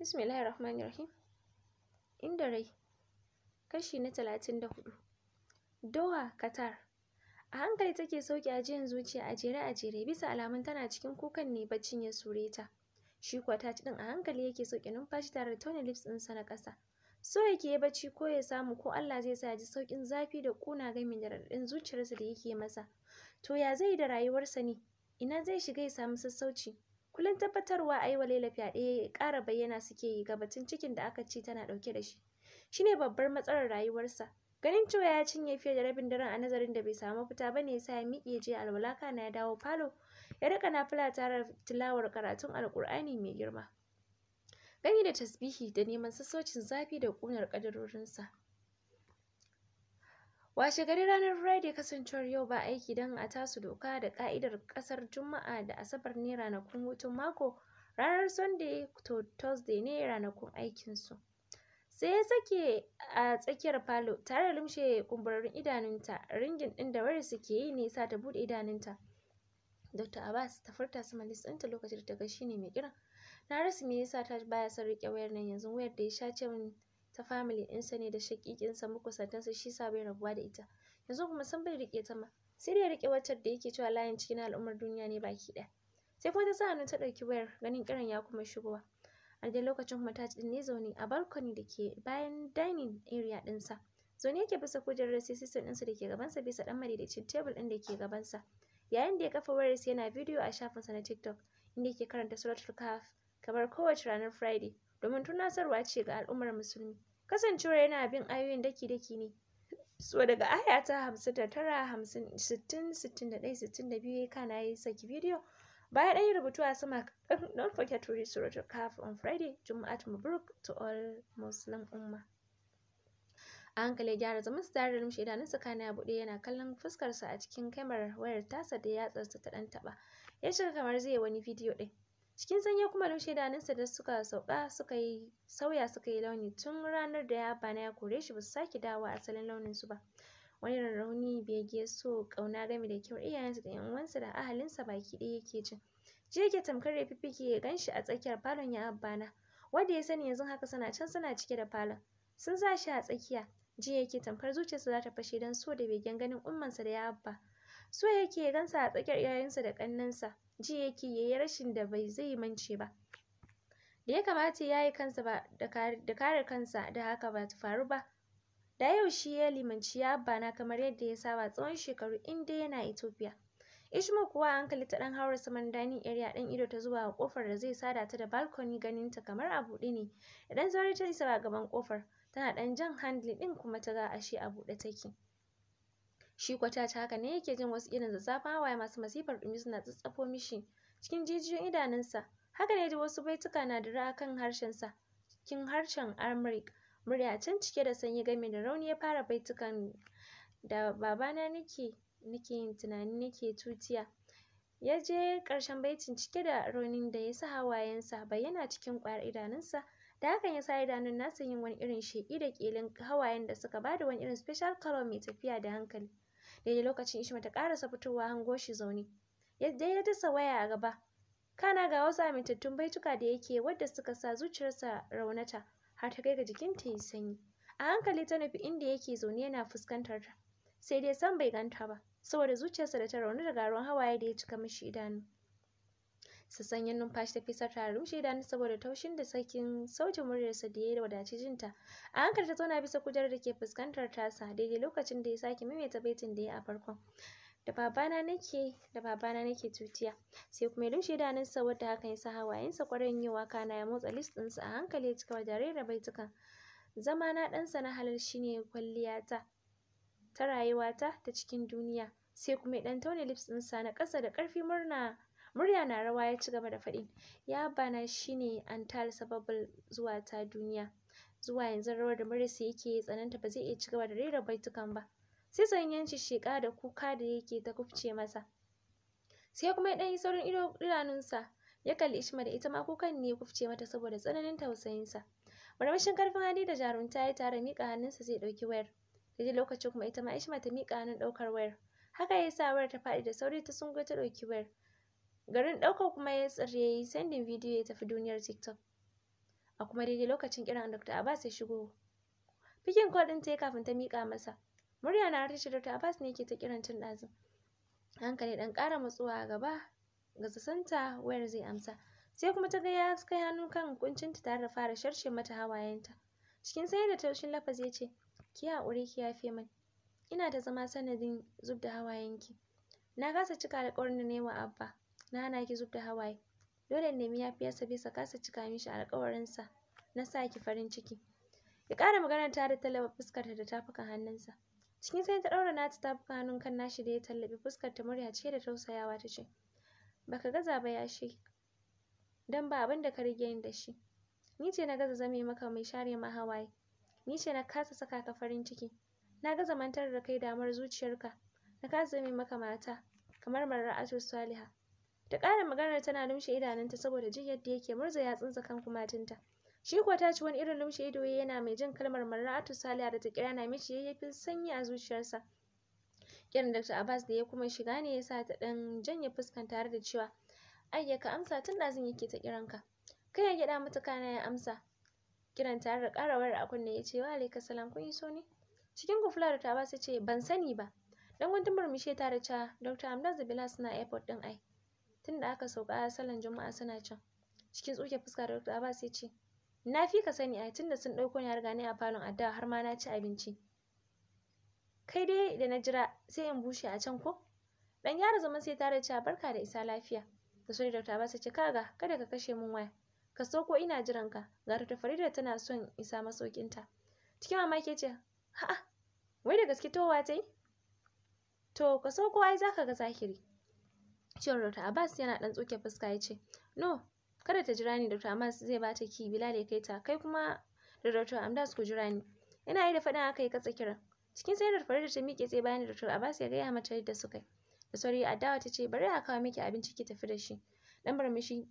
Bismillahir Rahmanir Rahim. Inda rai. Kashi na talatin da hudu. Doha, Qatar. A hankali take a ajiyan zuciya a jere a jere bisa alamun tana cikin kukan ne baccin ya sure ta. Shi kuwa ta din a hankali yake sauke numfashi tare da tone lips sa na ƙasa. So yake ya bacci ko ya samu ko Allah zai sa ya ji saukin zafi da kuna gami da raɗaɗin zuciyarsa da yake masa. To ya zai da rayuwarsa ne? Ina zai shiga ya samu sassauci? kullum tabbatarwa a yi wa fyaɗe ƙara bayyana suke yi ga batun cikin da aka ce tana ɗauke da shi Shi ne babbar matsalar rayuwarsa ganin cewa ya cinye fiye da rabin daren a nazarin da bai samu fita ba ne yasa ya miƙe je alwala kana ya dawo falo ya riƙa nafila tare tilawar karatun alƙur'ani mai girma gami da tasbihi da neman sassaucin zafi da ƙunar ƙadarorinsa Washe gari ranar Friday kasancewar yau ba aiki don a tasu doka da ka'idar kasar Juma'a da Asabar ne ranakun hutun mako, ranar Sunday to Thursday ne ranakun aikinsu. Sai ya sake a tsakiyar falo tare da lumshe kumburin idanunta, ringin ɗin da wari suke yi ne sa ta buɗe idanunta. Dr. Abbas ta furta su malis ɗinta lokacin da ta ga shi ne mai kiran. Na rasa me yasa ta baya son riƙe wayar nan yanzu wayar da ya sha ce min ta family ɗinsa ne da shaƙiƙinsa makusantansa shi sa bai rabuwa da ita yanzu kuma san bai riƙe ta ma sai dai riƙe wacce da yake cewa layin cikin al'ummar duniya ne baki ɗaya sai kuma ta sa hannu ta ɗauki wayar ganin kiran ya kuma shigowa a dai lokacin kuma ta ne zaune a balkoni da ke bayan dining area ɗinsa zaune yake bisa kujerar sai system sa da ke gabansa bisa ɗan madaidaicin tebul ɗin da ke gabansa yayin da ya kafa wayar sa yana bidiyo a shafinsa na tiktok inda yake karanta suratul kahf kamar kowace ranar friday domin tunasarwa ce ga al'ummar musulmi. Kasancewar yana bin ayoyin daki-daki ne. So daga aya ta hamsin da tara, hamsin, sittin, sittin kana yi saki bidiyo. Baya ɗan rubutu a sama, don forget to read Suratul Kahf on Friday, Juma'at Mubarak to all Muslim Ummah. a hankali gyara zaman su tare da rumshi idanunsa kana ya buɗe yana kallon fuskarsa a cikin kyamarar wayar tasa da yatsarsa ta ɗan taɓa ya shiga kamar zai wani bidiyo ɗin Cikin sanyi kuma rushe sa da suka sauka suka yi sauya suka yi launi tun ranar da ya bana ya kore shi ba su sake dawo asalin launinsu ba. Wani rarrauni bege so ƙauna game da kyau iyayensa da ‘yan uwansa da ahalinsa baki ɗaya yake jin. Ji yake tamkar ya fiffike ya ganshi a tsakiyar falon ya abbana. Wanda ya sani yanzu haka suna can suna cike da falon. Sun sa shi a tsakiya. Ji yake tamkar zuciyarsa za ta fashe don so da begen ganin ummansa da ya abba. So yake gansa a tsakiyar iyayensa da ƙannensa. ji yake yayi rashin da bai zai mance ba da ya kamata ya yi kansa ba da kare kansa da haka ba ta faru ba da yau shi ya limanci ya na kamar yadda ya saba tsawon shekaru in dai yana Ethiopia Ishma kuwa hankali ta ɗan haura saman dining area ɗan ido ta zuwa kofar da zai sada ta da balkoni ganin ta kamar a buɗe ne idan sauri ta isa ba gaban kofar tana ɗan jan handle ɗin kuma ta ga ashe a buɗe take Shi kwata ta haka ne yake jin wasu irin zazzafa hawaye masu masifar dumi suna tsatsafo mishi cikin jijiyoyin idanunsa. Haka ne da wasu baituka na dira a kan harshensa cikin harshen Amharic. Murya can cike da sanyi game da rauni ya fara baitukan da babana nake nake yin tunani nake tutiya. Ya je karshen baitin cike da raunin da ya sa hawayensa bayyana cikin ƙwayar idanunsa. Da hakan ya sa idanun nasa yin wani irin sheƙi da ƙyalin hawayen da suka ba da wani irin special color mai tafiya da hankali. daidai lokacin ishma ta ƙarasa fitowa hango shi zaune yadda ya dasa waya a gaba kana ga wasu amintattun baituka da yake wadda suka sa zuciyarsa raunata har ta kai ga jikinta yi sanyi a hankali ta nufi inda yake zaune yana fuskantar ta sai dai san bai ganta ba saboda zuciyarsa da ta rauni da garuwan hawaye da ya cika mishi idanu Su sanya numfashi ta fisar a rushe da ni saboda taushin da sakin sautin muryarsa da ya wadaci jinta a hankali ta zauna bisa kujerar da ke fuskantar tasa daidai lokacin da ya sake maimaita baitin da ya a farkon da babana nake da babana nake tutiya sai kuma ya rushe idanunsa saboda hakan ya sa hawayensa kwarin yiwa kana ya motsa list ɗinsa a hankali ya cika wa jaririn baitukan zama na ɗansa na halal shine kwalliyata ta rayuwata ta cikin duniya sai kuma ya ɗan taune lips ɗinsa na ƙasa da ƙarfi murna murya na rawa ya ci gaba da faɗi ya bana shine tara sababul zuwa ta duniya zuwa yanzu rawar da Marisa yake tsananta ba zai iya ci gaba da rera baitukan ba sai yanci sheƙa da kuka da yake ta kufce masa sai kuma ya yi saurin idanunsa ya kalli Ishma da ita ma kukan ne ya kufce mata saboda tsananin tausayinsa. Marmashin ƙarfin hali da jarumta ya tara miƙa hannunsa zai ɗauki wayar. Da lokacin kuma ita ma Ishma ta miƙa hannun ɗaukar wayar. Haka ya sa wayar ta faɗi da sauri ta sungo ta ɗauki wayar. garin ɗaukar kuma ya tsare ya yi sendin bidiyo ya tafi duniyar tiktok a kuma daidai lokacin kiran dr abbas ya shigo bikin kodin ta yi kafin ta miƙa masa murya na harshe dr abbas ne ke ta kiran cin ɗazun hankali ɗan ƙara matsuwa a gaba ga santa wayar zai amsa sai kuma ta ga ya kai hannu kan kuncinta tare da fara sharshe mata hawayenta cikin sai da taushin lafazi ya ce ki haƙuri ki yafe min ina ta zama sanadin zub da hawayenki na kasa cika alƙawarin da na yi wa abba na hana ki zub da hawaye dole ya fi yafiyarsa bisa kasa cika mishi alƙawarinsa na sa ki farin ciki Ki ƙara magana ta da tallaba fuskarta da tafukan hannunsa cikin sai ta ɗaura nata tafukan hannun kan nashi da ya tallabi fuskarta murya ce da tausayawa ta ce baka gaza ba shi, dan ba abin ka rige yin da shi ni ce na gaza zame maka mai share ma hawaye ni ce na kasa saka ka farin ciki na gaza mantar da kai damar zuciyarka na kasa zame maka mata kamar mar'atu saliha ta ƙara maganar tana lumshe idanunta saboda jin yadda yake murza yatsunsa kan kumatinta shi kuwa ta ci wani irin lumshe ido yana mai jin kalmar atu saliha da ta kira na mishi yayyafin sanyi a zuciyarsa kiran dr abbas da ya kuma shiga ne ya sa ta ɗan janye fuskan tare da cewa ai ka amsa tun da zan yake ta kiran ka." kai ya gyada mata kana ya amsa kiran tare da ƙara wayar a kunne ya ce wa alaika salam kun yi so ne cikin gufula da ta ba ce ban sani ba dan guntumar mishe tare da cewa dr hamdan Zabila suna airport ɗin ai tunda aka sauka a salon juma'a suna can cikin tsuke fuska da dr abbas ce na fi ka sani ai tunda sun ɗauko ni har ni a falon addu'a har ma na ci abinci kai dai da na jira sai in bushe a can ko dan yaro zaman sai tare cewa barka da isa lafiya da sauri dr abbas ya ce kaga kada ka kashe mun waya ka sauko ina jiran ka ga ta farida tana son isa masaukinta cikin mamaki ce ha'a wai da gaske towa ta yi to ka sauko ai zaka ga zahiri cewar Dr. Abbas yana ɗan tsuke fuska ya ce, No, kada ta jira ni Dr. Abbas zai ba ta ki Bilal ya kai ta, kai kuma da Dr. Abbas ku jira ni. Yana yi da faɗin haka ya katse kiran. Cikin sayar Farida ta miƙe tsaye bayan Dr. Abbas ya gaya mata yadda suka yi. Da sauri Adawa ta ce, Bari a kawo miki abinci ki tafi da shi. Dan barmishi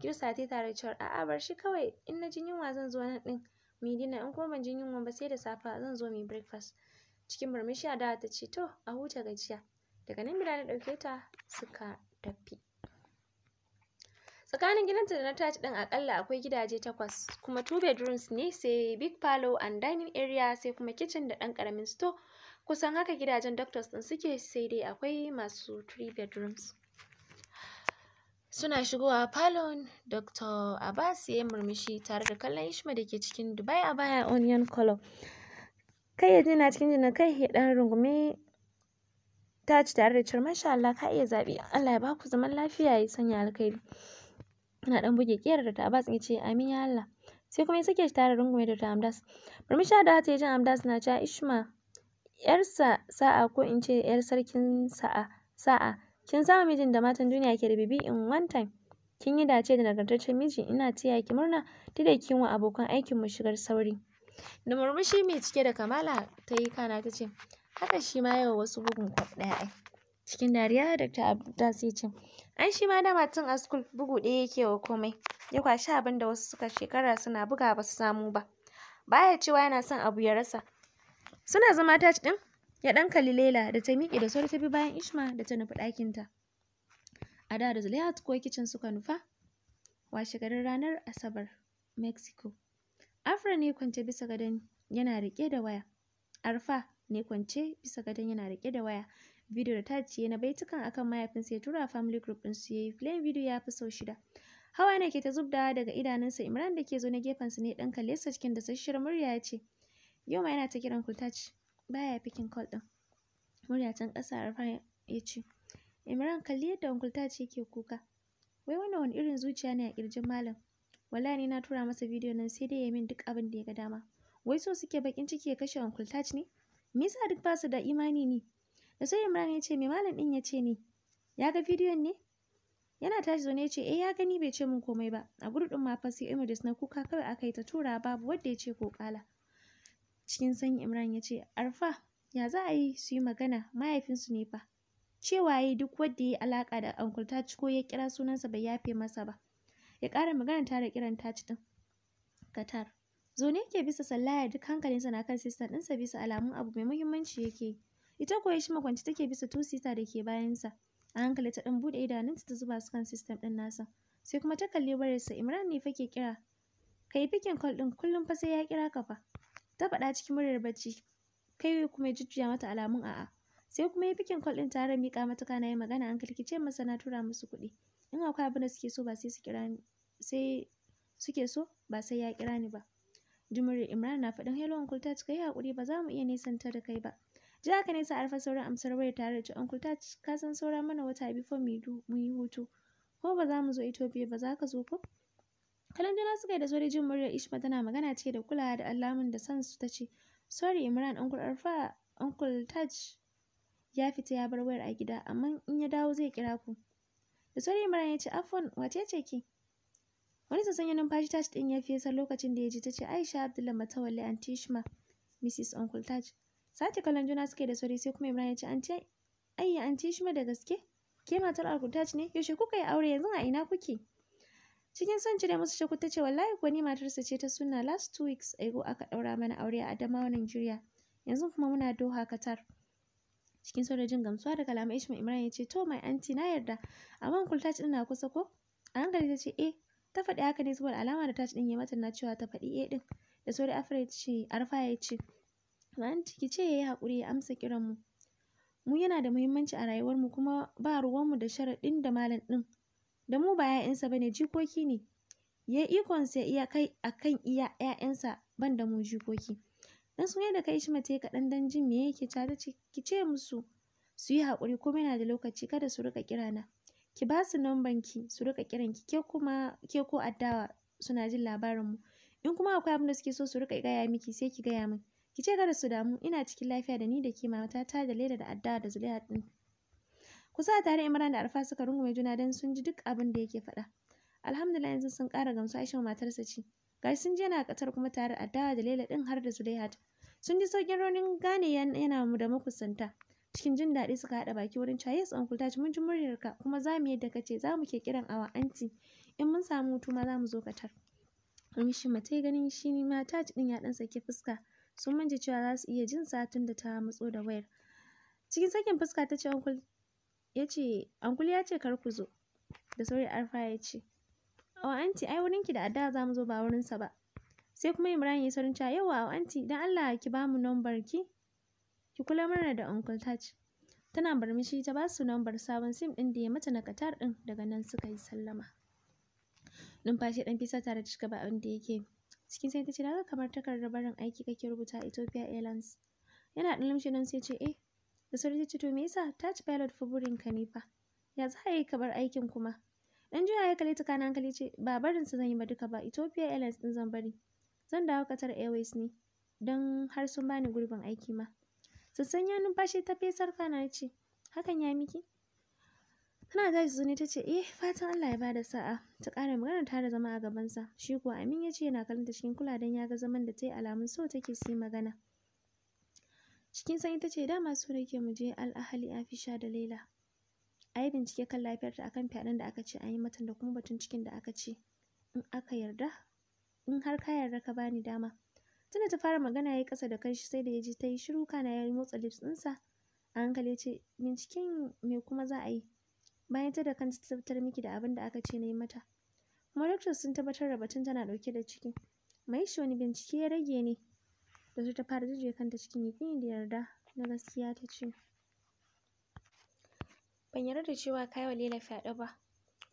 kirsa ta yi tare cewar a'a bar shi kawai in na jin yunwa zan zo nan ɗin mi dina in kuma ban jin yunwa ba sai da safa zan zo mu breakfast. Cikin murmushi Adawa ta ce, To, a huta gajiya. daga nan birane ɗauke ta suka tafi tsakanin gidanta da na taci ɗin aƙalla akwai gidaje takwas kuma two bedrooms ne sai big parlor and dining area sai kuma kitchen da ɗan ƙaramin store kusan haka gidajen doctors ɗin suke sai dai akwai masu three bedrooms suna shigowa falon dr abbas ya murmushi tare da kallon ishma da ke cikin dubai a baya onion color kai ya na cikin jinin kai ya ɗan rungume ta ci tare da cewa masha Allah ka iya zaɓi Allah ya ba ku zaman lafiya ya sanya alkhairi ina dan buge kiyar da ta Abbas ya ce amin ya Allah sai kuma ya sake shi tare rungume da ta Amdas Barmisha da ta yi jin Amdas na cewa Ishma yarsa sa'a ko in ce yar sarkin sa'a sa'a kin samu mijin da matan duniya ke da bibi in one time kin yi dace da nagartaccen miji ina tiya ki murna da kin wa abokan aikin mu shigar sauri da murmushi mai cike da kamala ta yi kana ta ce Haka shi ma yau wasu bugun kwaf ɗaya ai. Cikin dariya Dr. Abdas sai ce, Ai shi ma dama tun a school bugu ɗaya yake wa komai. Ya kwashi abin da wasu suka shekara suna buga ba su samu ba. Baya cewa yana son abu ya rasa. Suna zama taci ɗin, ya ɗan kalli Laila da ta miƙe da sauri ta bi bayan Ishma da ta nufi ɗakinta. A da da Zulaihat ko kicin suka nufa. Washe garin ranar Asabar, Mexico. Afra ne kwance bisa gadon yana riƙe da waya. Arfa ne kwance bisa gadon yana rike da waya bidiyo da ta ciye na baitukan akan mahaifinsa ya tura family group din su yayi plain bidiyo ya fi sau shida hawa yana ke ta zubda daga idanunsa imran da ke zo na gefensa ne dan kallesa sa cikin da sashiyar murya ya ce yau ma yana ta kiran kultaci baya fikin call din murya can ƙasa rufe ya ce imran kalli yadda touch yake kuka wai wannan wani irin zuciya ne a kirjin malam wallahi ni na tura masa bidiyo nan sai dai ya min duk abin da ya ga dama wai so suke bakin ciki ya kashe touch ne me yasa duk basu da imani ne da sai imran ya ce me malam din ya ce ne ya ga bidiyon ne yana tashi zaune ya ce eh ya gani bai ce min komai ba a gurdin ma fa sai images na kuka kawai aka ta tura babu wanda ya ce ko kala cikin sanyi imran ya ce arfa ya za a yi su yi magana mahaifinsu ne fa cewa ya duk wanda ya yi alaka da uncle taci ko ya kira sunansa bai yafe masa ba ya kara magana tare kiran taci din katar Zaune yake bisa sallaya duk hankalinsa na kan sistan ɗinsa bisa alamun abu mai muhimmanci yake yi. Ita kuwa shi makwanci take bisa tusita da ke bayansa. A hankali ta ɗan buɗe idanunta ta zuba su kan sistan ɗin nasa. Sai kuma ta kalli wayarsa Imran ne fake kira. Ka yi fikin kwal ɗin kullum fa sai ya kira ka fa. Ta faɗa cikin muryar bacci. Kai kuma ya jujjuya mata alamun a'a. Sai kuma ya pikin kwal ɗin tare miƙa mata kana yi magana an ce masa na tura musu kuɗi. In akwai abin da suke so ba sai su kira ni. Sai suke so ba sai ya kira ni ba. jumri imran na faɗin hello uncle ka yi haƙuri ba za mu iya nisanta da kai ba ji haka ne sa arfa sauran amsar wayar tare da uncle taj ka san saura mana wata before mu yi hutu ko ba za mu zo ethiopia ba za ka zo ko kalan juna suka yi da sauri jin muryar ishma tana magana ce da kulawa da alamun da san su ta ce sorry imran uncle arfa uncle ya fita ya bar wayar a gida amma in ya dawo zai kira ku da sauri imran ya ce afon wace ce ki wani sassan numfashi tash din ya fesa lokacin da ya ji ta ce aisha abdullahi matawalli anti shima. mrs uncle taj sati kallon juna suke da sauri sai kuma imran ya ce anti ce ayya anti Shima da gaske ke matar uncle taj ne yaushe kuka yi aure yanzu a ina kuke cikin son cire musu shakku ta ce wallahi kuwa ni matarsa ce ta suna last two weeks ago aka ɗaura mana aure a adamawa nigeria yanzu kuma muna doha qatar cikin saurajin jin gamsuwa da kalamai ishma imran ya ce to mai anti na yarda amma uncle taj na kusa ko a hankali ta ce eh ta faɗi haka ne saboda alama da tashi ɗin ya mata na cewa ta faɗi eh ɗin da sauri afra ya ce arfa ya ce anti ki ce ya yi haƙuri ya amsa kiran mu mu yana da muhimmanci a rayuwar mu kuma ba ruwan mu da sharaɗin da malam ɗin da mu ba 'ya'yansa bane jikoki ne ya ikonsa iya kai akan iya 'ya'yansa ban da mu jikoki dan sun da kai shi mace kaɗan dan jin me yake ta ce ki ce musu su yi haƙuri kuma yana da lokaci kada su rika kirana ki ba su ki su rika kiran ki ke kuma ke ko addawa suna jin labarin mu in kuma akwai abin da suke so su rika gaya miki sai ki gaya min ki ce kada su damu ina cikin lafiya da ni da ke mata ta da leda da addawa da zuliya din kusa tare imran da arfa suka rungume juna don sun ji duk abin da yake faɗa alhamdulillah yanzu sun ƙara gamsu aisha matarsa ce gashi sun je na katar kuma tare addawa da lela din har da zulaihat sun ji saukin raunin gane yana mu da makusanta cikin jin daɗi suka haɗa baki wurin cewa yes uncle Taj mun ji muryarka kuma za mu yadda ce, za mu ke kiran awa anti in mun samu hutu ma za mu zo ka tar mishi matai ganin shi ni ma Taj din ya dan sake fuska sun ji cewa za su iya jin satin da ta matso da wayar cikin sakin fuska ta ce uncle ya ce uncle ya ce kar ku zo da sauri arfa ya ce awa anti ai wurinki da adda za mu zo ba wurinsa ba sai kuma Ibrahim ya sarin cewa yawa awa anti dan Allah ki ba mu nambar ki ki kula mana da Uncle Taj. Tana barmishi ta basu lambar sabon sim ɗin da ya mata na katar ɗin daga nan suka yi sallama. Numfashi ɗan fisa tare da shiga ba da yake. Cikin sai ta ce daga kamar takardar barin aiki kake rubuta Ethiopia Airlines. Yana ɗan lamshi nan sai ce eh. Da sauri ta ce to me yasa Taj pilot fa burin ka ne fa. Ya za a yi ka aikin kuma. Ɗan juya ya kalli ta kana hankali ce ba barin su zan yi ba duka ba Ethiopia Airlines ɗin zan bari. Zan dawo Qatar Airways ne. Don har sun bani gurbin aiki ma. sassan ya numfashi ta fesar kana ce hakan ya miki tana tashi ne ta ce eh fatan Allah ya bada sa'a ta ƙara magana ta da zama a gabansa shi ko Amin ya ce yana kalanta cikin kula don ya ga zaman da ta yi alamun so take su magana cikin sanyi ta ce dama su da ke muje al'ahali sha da laila a yi bincike kan lafiyarta a kan fyaɗen da aka ce an yi mata da kuma batun cikin da aka ce in aka yarda in har ka yarda ka bani dama Tunda ta fara magana ya yi ƙasa da kanshi sai da ya ji ta yi shiru kana ya motsa lips ɗinsa. A hankali ya ce, binciken me kuma za a yi? Bayan ta da kanta ta tabbatar miki da abin da aka ce na yi mata. Kuma doctors sun tabbatar da batun tana dauke da ciki. Mai shi wani bincike ya rage ne. Da su ta fara jujjuya kanta cikin yaƙini da yarda na gaskiya ta ce. Ban yarda da cewa kai wa Laila fyaɗe ba,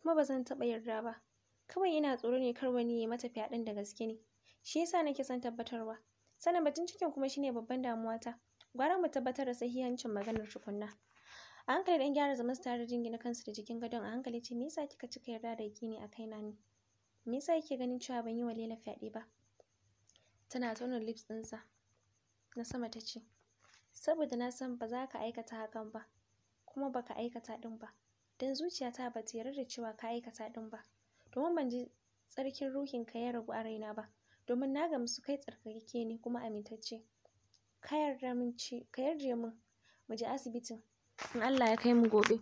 kuma ba zan taɓa yarda ba. Kawai ina tsoro ne kar wani ya mata fyaɗen da gaske ne. shi yasa nake son tabbatarwa sanin batun cikin kuma shine babban ta. gwara mu tabbatar da sahihancin maganar tukunna a hankali dan gyara zaman su tare jingina kansu da jikin gadon a hankali ce me yasa kika cika yarda da kini a kaina ne me yasa yake ganin cewa ban yi wa lela fyaɗe ba tana tona lips ɗinsa na sama ta ce saboda na san ba za ka aikata hakan ba kuma baka aikata ɗin ba dan zuciyata ba ta yarda da cewa ka aikata ɗin ba domin ban ji tsarkin ruhin ka ya ragu a raina ba domin na gamsu kai tsarkake ne kuma amintacce ka yarda min mu je asibitin in Allah ya kai mu gobe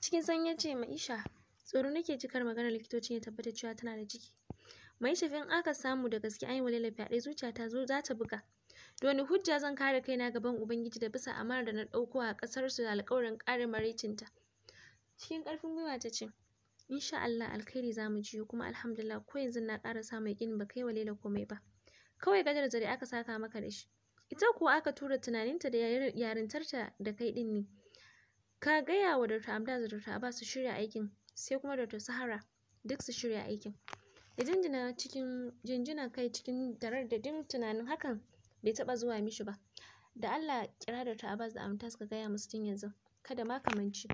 cikin sanyi ya ce Maisha tsoro nake jikar maganar likitoci ya tabbata cewa tana da ciki Maisha in aka samu da gaske an yi walila fyaɗe ta zo za ta buga wani hujja zan kare kaina gaban Ubangiji da bisa amana da na ɗauko a ƙasar su da alƙawarin ƙarin maraicinta. Cikin ƙarfin gwiwa ta ce, insha Allah alkhairi za mu jiyo kuma alhamdulillah ko yanzu na ƙara samun yaƙinin ba kai wa Laila komai ba kawai gadar zare aka saka maka da shi ita kuwa aka tura tunaninta da yarintarta da kai ɗin ne ka gaya wa Dr. Amda Dr. Abbas su shirya aikin sai kuma Dr. Sahara duk su shirya aikin ya jinjina cikin jinjina kai cikin darar da tunanin hakan bai taɓa zuwa mishi ba da Allah kira Dr. Abbas da suka gaya musu tun yanzu kada ma kamanci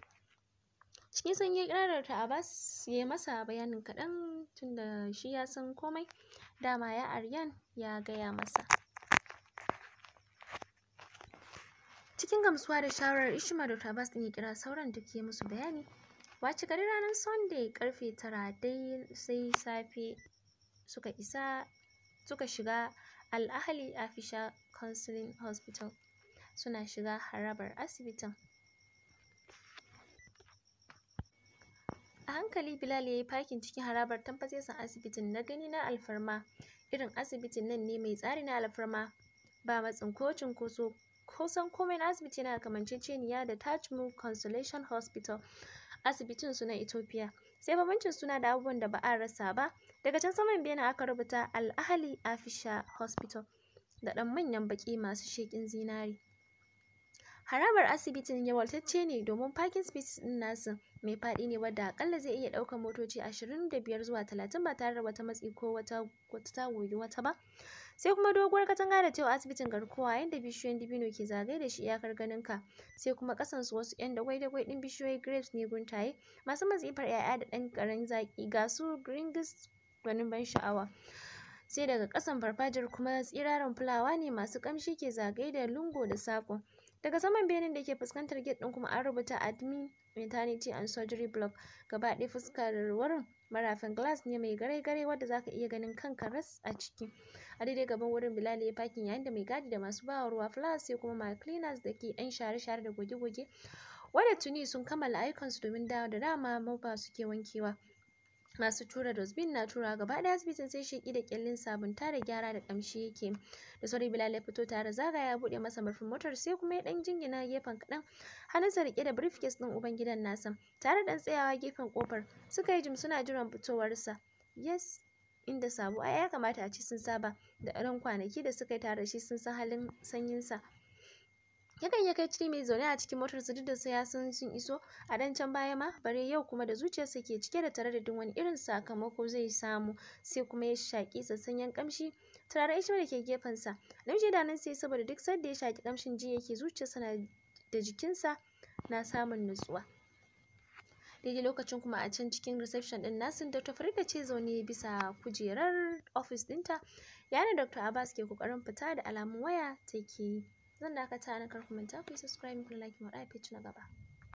cikin sanyi ya kirarar ta Abbas ya masa bayanin kaɗan tunda shi ya san komai dama ya Aryan ya gaya masa cikin gamsuwa da shawarar Ishma da Abbas ɗin ya kira sauran duk ke musu bayani wace gari ranar Sunday karfe tara dai sai safe suka isa suka shiga alahali a Afisha Counseling Hospital suna shiga harabar asibitin a hankali bilal ya yi fakin cikin harabar tamfasesan asibitin na gani na alfarma irin asibitin nan ne mai tsari na alfarma ba matsin ko cunkoso kusan komai na asibiti yana kamanceceniya da tajmu consolation hospital asibitin su na ethiopia sai bambancin suna da abubuwan da ba a rasa ba daga can saman bene aka rubuta al'ahali afisha hospital da ɗan manyan baƙi masu sheƙin zinari Harabar asibitin yawaltacce ne domin parking spaces ɗin nasu mai faɗi ne wadda akalla zai iya ɗaukar motoci 25 zuwa 30 ba tare da wata matsi ko wata ta wata ba. Sai kuma doguwar katanga da cewa asibitin garkuwa yadda bishiyoyin dibino ke zagaye da shi iyakar ganinka. Sai kuma su wasu 'yan dagwai-dagwai ɗin bishiyoyi grapes ne guntaye masu matsifar 'ya'ya da ɗan karen zaƙi ga su gringis ganin ban sha'awa. Sai daga kasan farfajiyar kuma tsiraran fulawa ne masu kamshi ke zagaye da lungo da sako. daga saman benin da ke fuskantar gate din kuma an rubuta admin maternity and surgery block gaba ɗaya fuskar wurin marafin glass ne mai gare-gare wadda zaka iya ganin kanka ras a ciki a daidai gaban wurin bilal ya fakin yayin da mai gadi da masu bawa ruwa flowers sai kuma mai cleaners da ke yan share-share da goge-goge wadda tuni sun kammala ayyukansu domin dawo da dama mafa suke wankewa masu tura dosbin na tura gaba ɗaya asibitin sai shi da ƙyallin sabunta da gyara da ƙamshi yake da sauri bilal ya fito tare zagaya ya buɗe masa murfin motar sai kuma ya ɗan jingina gefen kaɗan hannunsa riƙe da briefcase din uban gidan nasa tare ɗan tsayawa gefen kofar suka yi jim suna jiran fitowarsa yes inda sabo ai ya kamata a ci sun saba da ɗan kwanaki da suka yi tare da shi sun san halin sanyinsa yakan ya kai ciri mai zaune a cikin motar su duk da ya san sun iso a dan can baya ma bare yau kuma da zuciyarsa ke cike da tare da duk wani irin sakamako zai samu sai kuma ya shaki sassanyen kamshi turare ishma da ke sa namiji da nan sai saboda duk sanda ya shaki kamshin ji yake zuciyarsa na da jikinsa na samun nutsuwa daidai lokacin kuma a can cikin reception din nasin dr farida ce zaune bisa kujerar ofis dinta yana dr abbas ke kokarin fita da alamun waya take zan dakata na kar mun manta ku yi subscribe ku like mu da na gaba